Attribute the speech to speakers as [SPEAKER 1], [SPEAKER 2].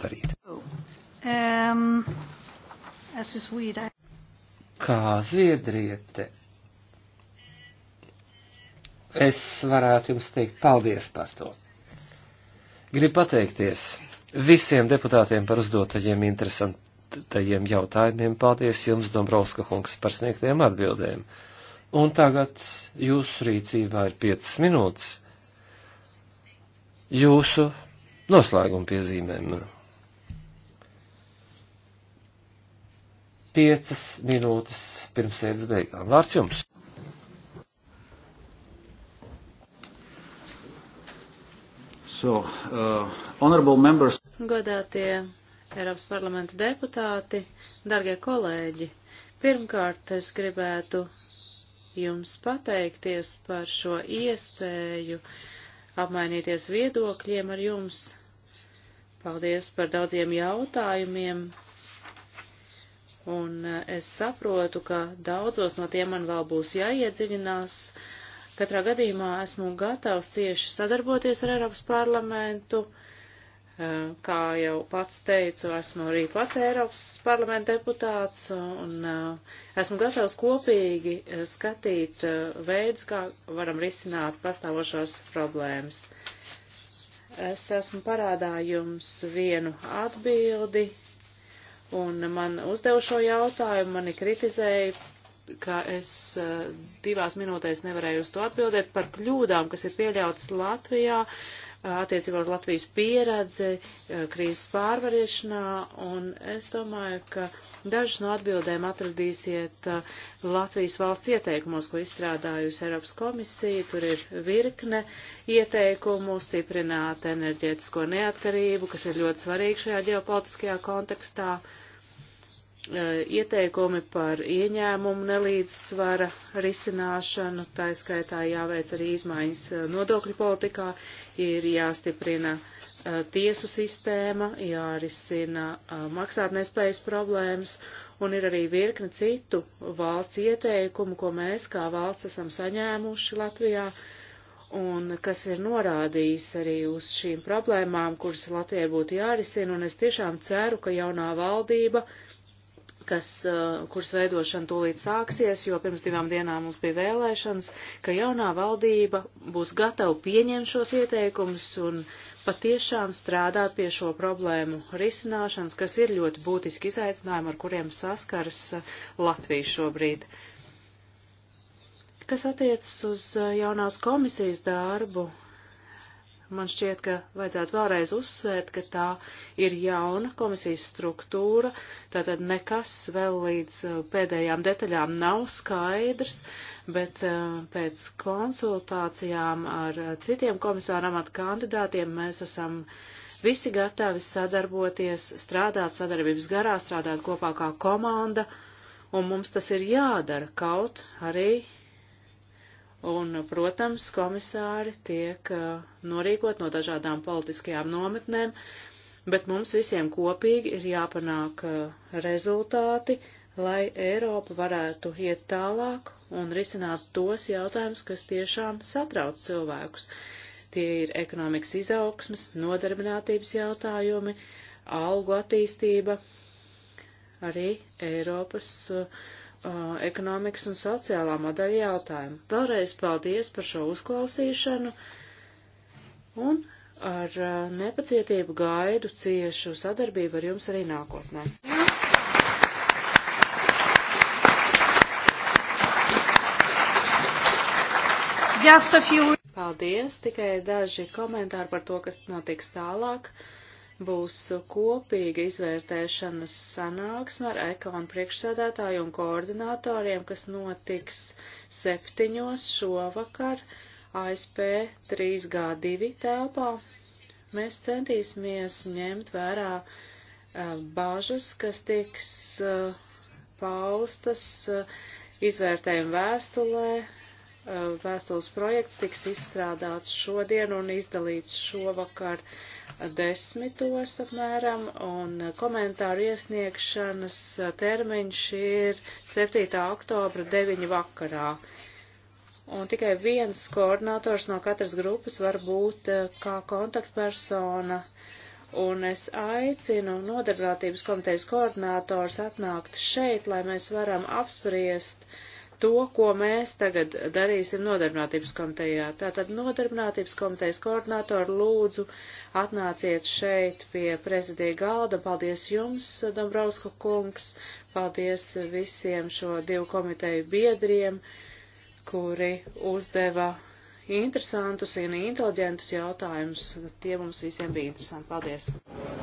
[SPEAKER 1] darīt.
[SPEAKER 2] Um,
[SPEAKER 1] Kā zviedriete, es varētu jums teikt paldies par to. Gribu pateikties visiem deputātiem par uzdotajiem interesantajiem jautājumiem. Paldies jums, Dombrovska kungs, par sniegtajiem atbildēm. Un tagad jūsu rīcībā ir 5 minūtes jūsu noslēguma piezīmēm. piecas minūtes pirms sēdes beigām. Vārds jums! So, uh,
[SPEAKER 2] Godātie Eiropas parlamenta deputāti, dargie kolēģi, pirmkārt es gribētu jums pateikties par šo iespēju apmainīties viedokļiem ar jums. Paldies par daudziem jautājumiem, Un e, es saprotu, ka daudzos no tiem man vēl būs jāiedziļinās. Katrā gadījumā esmu gatavs cieši sadarboties ar Eiropas parlamentu. E, kā jau pats teicu, esmu arī pats Eiropas parlamenta deputāts un e, esmu gatavs kopīgi skatīt veidus, kā varam risināt pastāvošās problēmas. Es esmu parādā jums vienu atbildi un man uzdeva šo jautājumu, mani kritizēja, ka es eh, divās minūtēs nevarēju uz to atbildēt par kļūdām, kas ir pieļautas Latvijā eh, attiecībā uz Latvijas pieredzi eh, krīzes pārvariešanā, un es domāju, ka dažas no atbildēm atradīsiet Latvijas valsts ieteikumos, ko izstrādājusi Eiropas komisija. Tur ir virkne ieteikumu stiprināt enerģētisko neatkarību, kas ir ļoti svarīgi šajā ģeopolitiskajā kontekstā. Uh, E, ieteikumi par ieņēmumu nelīdzsvara risināšanu, tā skaitā jāveic arī izmaiņas e, nodokļu politikā, ir jāstiprina e, tiesu sistēma, jārisina maksātnespējas problēmas, un ir arī virkne citu valsts ieteikumu, ko mēs kā valsts esam saņēmuši Latvijā, un kas ir norādījis arī uz šīm problēmām, kuras Latvijai būtu jārisina, un es tiešām ceru, ka jaunā valdība kas, uh, kuras veidošana tūlīt sāksies, jo pirms divām dienām mums bija vēlēšanas, ka jaunā valdība būs gatava pieņemt šos ieteikumus un patiešām strādāt pie šo problēmu risināšanas, kas ir ļoti būtiski izaicinājumi, ar kuriem saskars uh, Latvija šobrīd. Kas attiecas uz uh, jaunās komisijas darbu, Man šķiet, ka vajadzētu vēlreiz uzsvērt, ka tā ir jauna komisijas struktūra, tātad nekas vēl līdz uh, pēdējām detaļām nav skaidrs, bet uh, pēc konsultācijām ar uh, citiem komisāra amata kandidātiem mēs esam visi gatavi sadarboties, strādāt sadarbības garā, strādāt kopā kā komanda, un mums tas ir jādara kaut arī Un, protams, komisāri tiek uh, norīkot no dažādām politiskajām nometnēm, bet mums visiem kopīgi ir jāpanāk uh, rezultāti, lai Eiropa varētu iet tālāk un risināt tos jautājumus, kas tiešām satrauc cilvēkus. Tie ir ekonomikas izaugsmas, nodarbinātības jautājumi, algu attīstība, arī Eiropas uh, ekonomikas un sociālā modeļa jautājumu. Vēlreiz paldies par šo uzklausīšanu un ar uh, nepacietību gaidu ciešu sadarbību ar jums arī nākotnē. Paldies, tikai daži komentāri par to, kas notiks tālāk būs kopīga izvērtēšanas sanāksme ar ekonu priekšsēdētāju un koordinatoriem, kas notiks septiņos šovakar ASP 3G2 telpā. Mēs centīsimies ņemt vērā eh, bāžas, kas tiks eh, paustas eh, izvērtējuma vēstulē Eh, vēstules projekts tiks izstrādāts šodien un izdalīts šovakar desmitos apmēram, un komentāru iesniegšanas termiņš ir 7. oktobra 9. vakarā un tikai viens koordinators no katras grupas var būt eh, kā kontaktpersona. Un es aicinu nodarbinātības komitejas koordinators atnākt šeit, lai mēs varam apspriest uh, to, ko mēs tagad darīsim nodarbinātības komitejā. Tātad nodarbinātības komitejas koordinātori lūdzu atnāciet šeit pie prezidija galda. Paldies jums, Dombrovska kungs, paldies visiem šo divu komiteju biedriem, kuri uzdeva interesantus un inteliģentus jautājumus. Tie mums visiem bija interesanti. Paldies!